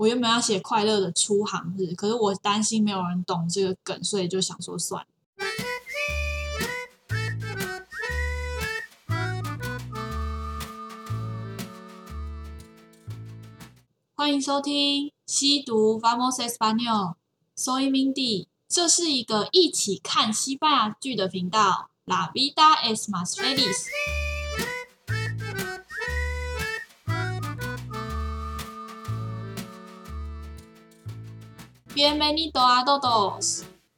我原本要寫快樂的出行日，可是我擔心沒有人懂這個梗，所以就想說算了。歡迎收聽《西讀 Vamos Español，soy Mindi，這是一個一起看西班牙劇的頻道。La vida es más feliz。Bienvenido a 豆豆！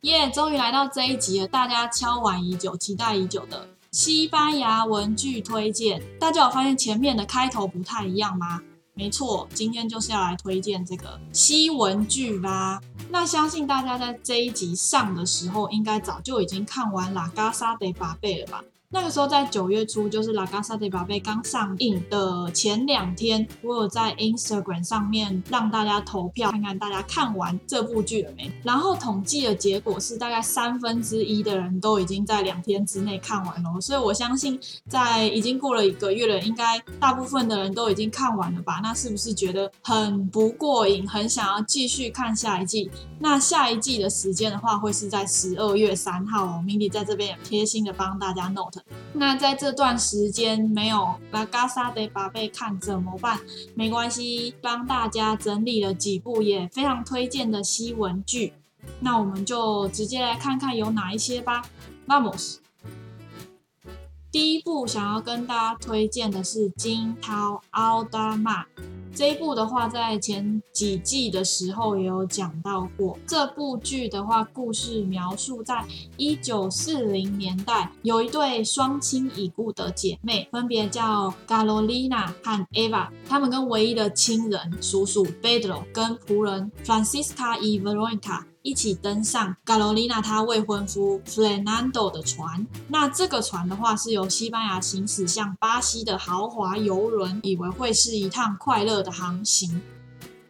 耶！終於來到這一集了，大家敲碗已久、期待已久的西班牙文劇推薦。大家有發現前面的開頭不太一樣嗎？沒錯，今天就是要來推薦這個西文劇啦。那相信大家在這一集上的時候，應該早就已經看完了《La Casa de Papel》了吧？那個時候在九月初，就是《La casa de papel》剛上映的前兩天，我有在 Instagram 上面讓大家投票，看看大家看完這部劇了沒。然後統計的結果是，大概三分之一的人都已經在兩天之內看完了。所以我相信，在已經過了一個月了，應該大部分的人都已經看完了吧？那是不是覺得很不過癮，很想要繼續看下一季？那下一季的時間的話，會是在十二月三號哦，喔。Mindy 在這邊也貼心的幫大家 note。那在這段時間沒有 La casa de papel 看怎麼辦？沒關係，幫大家整理了幾部也非常推薦的西文劇，那我們就直接來看看有哪一些吧。Vamos! 第一部想要跟大家推薦的是《驚濤 Alta mar》。這一部的話，在前幾季的時候也有講到過。這部劇的話，故事描述在1940年代，有一對雙親已故的姐妹，分別叫 Carolina 和 Eva。她們跟唯一的親人叔叔 Pedro 跟僕人 Francisca 和 Veronica。一起登上卡羅琳娜她未婚夫 Fernando 的船。那這個船的話，是由西班牙行駛向巴西的豪華遊輪，以為會是一趟快樂的航行。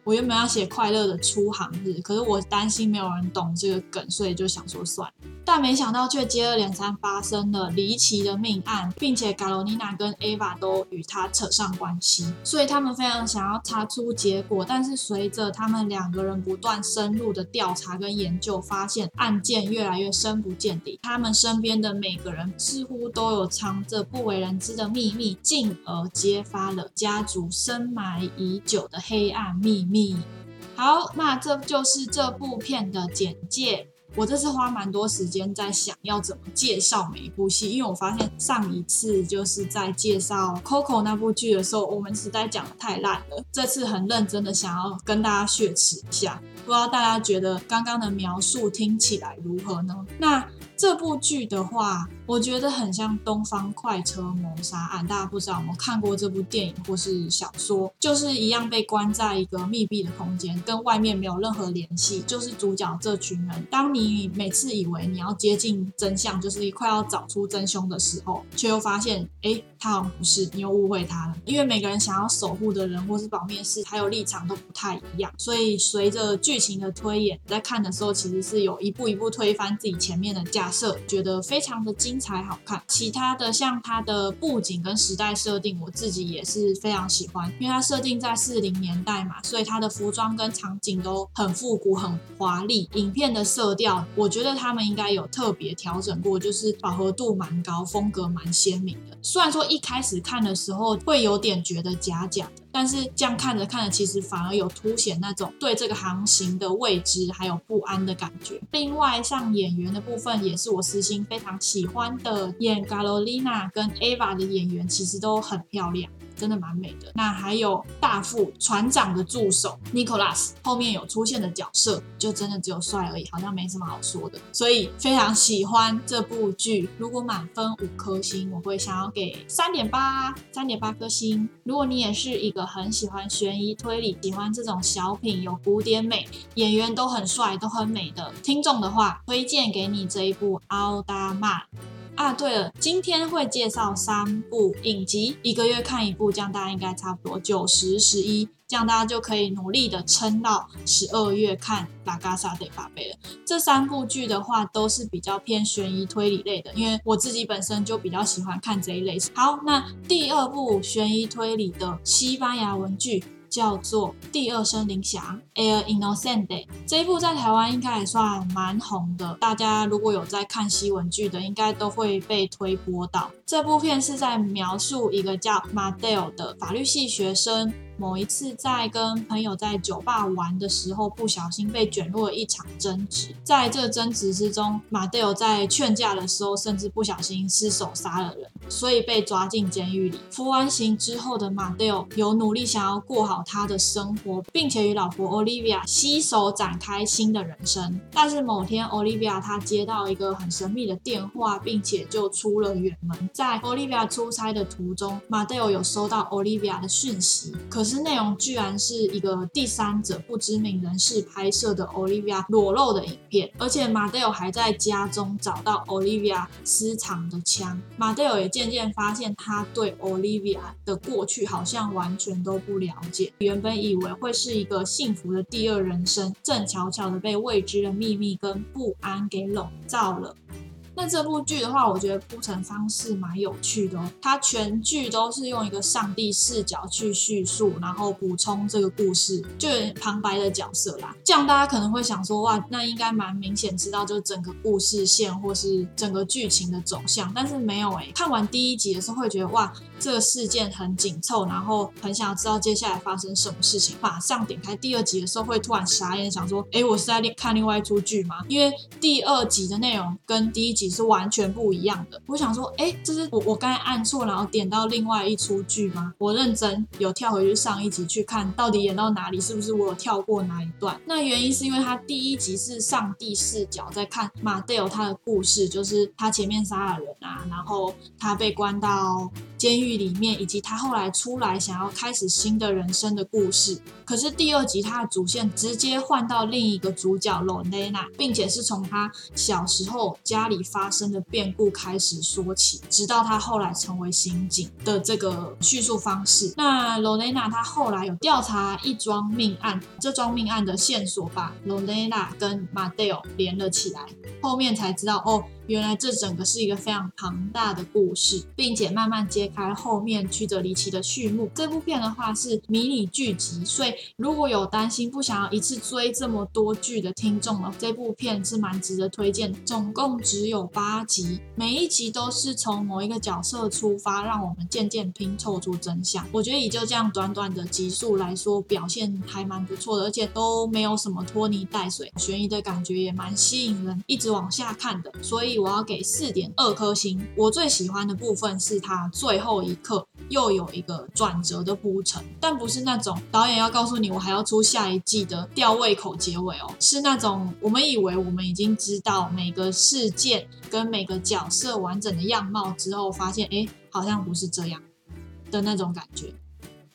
我原本要寫快樂的出航日，可是我擔心沒有人懂這個梗，所以就想說算了。但沒想到，卻接二連三發生了離奇的命案，並且卡羅尼娜跟 Eva 都與他扯上關係，所以他們非常想要查出結果。但是隨着他們兩個人不斷深入的調查跟研究，發現案件越來越深不見底，他們身邊的每個人似乎都有藏着不為人知的秘密，進而揭發了家族深埋已久的黑暗秘密。好，那這就是這部片的簡介。我這次花蠻多時間在想要怎麼介紹每一部戲，因為我發現上一次就是在介紹 Coco 那部劇的時候，我們實在講得太爛了。這次很認真的想要跟大家雪恥一下，不知道大家覺得剛剛的描述聽起來如何呢？那這部劇的話。我覺得很像《東方快車謀殺案》，大家不知道有沒有看過這部電影或是小說，就是一樣被關在一個密閉的空間，跟外面沒有任何聯繫。就是主角這群人，當你每次以為你要接近真相，就是快要找出真兇的時候，卻又發現，哎，他好像不是，你又誤會他了。因為每個人想要守護的人或是保密事，還有立場都不太一樣，所以隨着劇情的推演，在看的時候其實是有一步一步推翻自己前面的假設，覺得非常的驚精彩好看，其他的像它的布景跟時代設定，我自己也是非常喜歡，因為它設定在四零年代嘛，所以它的服裝跟場景都很復古、很華麗。影片的色調，我覺得他們應該有特別調整過，就是飽和度蠻高，風格蠻鮮明的。雖然說一開始看的時候會有點覺得假假。但是這樣看着看着，其實反而有凸顯那種對這個航行的未知還有不安的感覺。另外，像演員的部分也是我私心非常喜歡的，演 Carolina 跟 Eva 的演員其實都很漂亮。真的蠻美的。那還有大副船長的助手 Nicolas，後面有出現的角色就真的只有帥而已，好像沒什麼好說的。所以非常喜歡這部劇。如果滿分五顆星，我會想要給三點八，三點八顆星。如果你也是一個很喜歡懸疑推理、喜歡這種小品、有古典美、演員都很帥、都很美的聽眾的話，推薦給你這一部《Alta mar》。啊，對了，今天會介紹三部影集，一個月看一部，這樣大家應該差不多九十十一，90, 11, 這樣大家就可以努力的撐到十二月看《La casa de papel》了。這三部劇的話，都是比較偏懸疑推理類的，因為我自己本身就比較喜歡看這一類。好，那第二部懸疑推理的西班牙文劇。叫做《第二聲鈴響 El inocente》這一部在台灣應該也算蠻紅的。大家如果有在看西文劇的，應該都會被推播到。這部片是在描述一個叫馬德歐的法律系學生，某一次在跟朋友在酒吧玩的時候，不小心被捲入了一場爭執。在這爭執之中，馬德歐在勸架的時候，甚至不小心失手殺了人。所以被抓進監獄裡，服完刑之後的馬德歐有努力想要過好他的生活，並且與老婆 Olivia 攜手展開新的人生。但是某天 Olivia 他接到一個很神秘的電話，並且就出了遠門。在 Olivia 出差的途中，馬德歐有收到 Olivia 的訊息，可是內容居然是一個第三者不知名人士拍攝的 Olivia 裸露的影片，而且馬德歐還在家中找到 Olivia 私藏的槍。馬德歐也見。漸漸發現，他對 Olivia 的過去好像完全都不了解。原本以為會是一個幸福的第二人生，正悄悄地被未知的秘密跟不安給籠罩了。那這部劇的話，我覺得鋪陳方式蠻有趣的哦。它全劇都是用一個上帝視角去敘述，然後補充這個故事，就有點旁白的角色啦。這樣大家可能會想說，哇，那應該蠻明顯知道就整個故事線或是整個劇情的走向，但是沒有欸。看完第一集的時候會覺得，哇。這個事件很緊湊，然後很想要知道接下來發生什麼事情。馬上點開第二集的時候，會突然傻眼，想說：“哎，我是在看另外一出劇嗎？”因為第二集的內容跟第一集是完全不一樣的。我想說：“哎，這是我我剛才按錯，然後點到另外一出劇嗎？”我認真有跳回去上一集去看，到底演到哪裡，是不是我有跳過哪一段？那原因是因為他第一集是上帝視角在看 Mateo 他的故事，就是他前面殺了人啊，然後他被關到。監獄裡面，以及他後來出來想要開始新的人生的故事。可是第二集他的主線直接換到另一個主角 Lorena，並且是從他小時候家裡發生的變故開始說起，直到他後來成為刑警的這個敘述方式。那 Lorena 他後來有調查一樁命案，這樁命案的線索把 Lorena 跟 Mateo 連了起來。後面才知道哦。原來這整個是一個非常龐大的故事，並且慢慢揭開後面曲折離奇的序幕。這部片的話是迷你劇集，所以如果有擔心不想要一次追這麼多劇的聽眾了，這部片是蠻值得推薦。總共只有八集，每一集都是從某一個角色出發，讓我們漸漸拼湊出真相。我覺得以就這樣短短的集數來說，表現還蠻不錯的，而且都沒有什麼拖泥帶水，懸疑的感覺也蠻吸引人，一直往下看的。所以。我要給四點二顆星。我最喜歡的部分是它最後一刻又有一個轉折的鋪陳，但不是那種導演要告訴你我還要出下一季的吊胃口結尾哦，是那種我們以為我們已經知道每個事件跟每個角色完整的樣貌之後，發現哎好像不是這樣的那種感覺。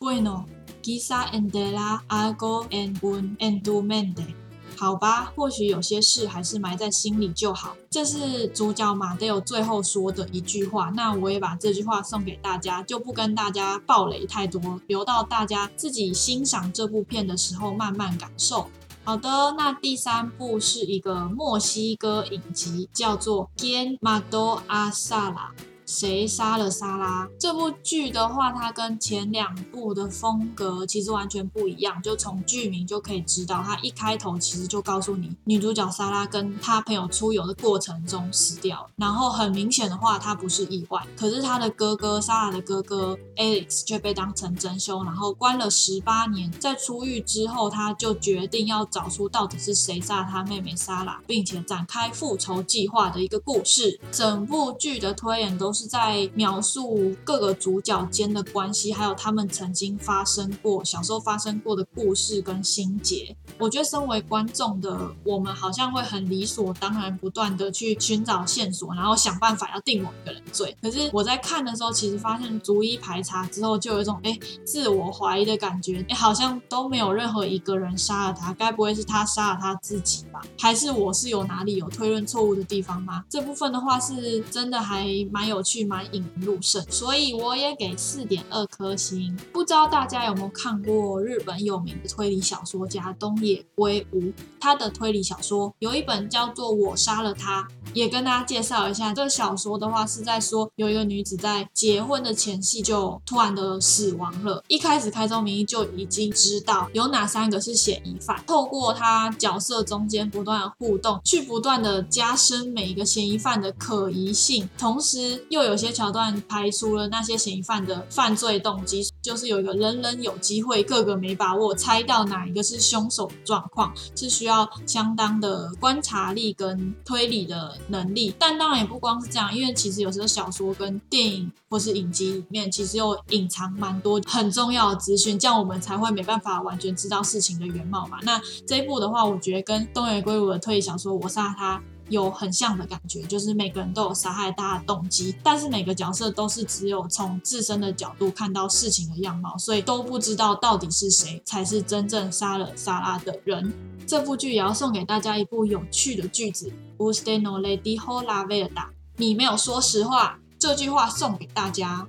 Bueno, quizá enterrar algo en tu mente. 好吧，或許有些事還是埋在心裡就好。這是主角馬德友最後說的一句話，那我也把這句話送給大家，就不跟大家暴雷太多，留到大家自己欣賞這部片的時候慢慢感受。好的，那第三部是一個墨西哥影集，叫做《¿Quién mató a Sara?》誰殺了莎拉？這部劇的話，它跟前兩部的風格其實完全不一樣。就從劇名就可以知道，它一開頭其實就告訴你，女主角莎拉跟她朋友出遊的過程中死掉，然後很明顯的話，她不是意外，可是她的哥哥，莎拉的哥哥 Alex 卻被當成真兇，然後關了十八年。在出獄之後，他就決定要找出到底是誰殺了他妹妹莎拉，並且展開復仇計劃的一個故事。整部劇的推演都是。是在描述各個主角間的關係，還有他們曾經發生過小時候發生過的故事跟心結。我覺得，身為觀眾的我們，好像會很理所當然，不斷的去尋找線索，然後想辦法要定某一個人罪。可是我在看的時候，其實發現逐一排查之後，就有一種誒，自我懷疑的感覺，哎，好像都沒有任何一個人殺了他，該不會是他殺了他自己吧？還是我是有哪裡有推論錯誤的地方嗎？這部分的話，是真的還蠻有。去，蠻引人入勝，所以我也給四點二顆星。不知道大家有沒有看過日本有名的推理小說家東野圭吾，他的推理小說有一本叫做《我殺了他》。也跟大家介紹一下，這個小說的話是在說有一個女子在結婚的前夕就突然的死亡了。一開始開宗明義就已經知道有哪三個是嫌疑犯，透過他角色中間不斷的互動，去不斷的加深每一個嫌疑犯的可疑性，同時又有些橋段排除了那些嫌疑犯的犯罪動機，就是有一個人人有機會，各個沒把握猜到哪一個是凶手狀況，是需要相當的觀察力跟推理的。能力，但當然也不光是這樣，因為其實有時候小說跟電影或是影集裡面，其實有隱藏蠻多很重要的資訊，這樣我們才會沒辦法完全知道事情的原貌嘛。那這一部的話，我覺得跟東野圭吾的推理小說《我殺他》。有很像的感覺，就是每個人都有殺害她的動機，但是每個角色都是只有從自身的角度看到事情的樣貌，所以都不知道到底是誰才是真正殺了莎拉的人。這部劇也要送給大家一部有趣的句子 Usted no le dijo la verdad. 你沒有說實話。這句話送給大家。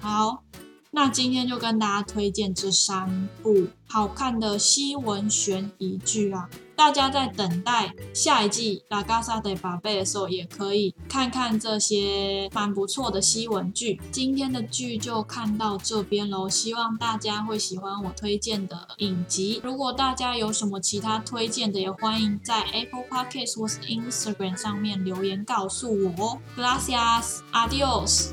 好，那今天就跟大家推薦這三部好看的西文懸疑劇啊。大家在等待下一季《La casa de papel》的時候，也可以看看這些蠻不錯的西文劇。今天的劇就看到這邊咯，希望大家會喜歡我推薦的影集。如果大家有什麼其他推薦的，也歡迎在 Apple Podcasts 或 Instagram 上面留言告訴我哦。Gracias, adios。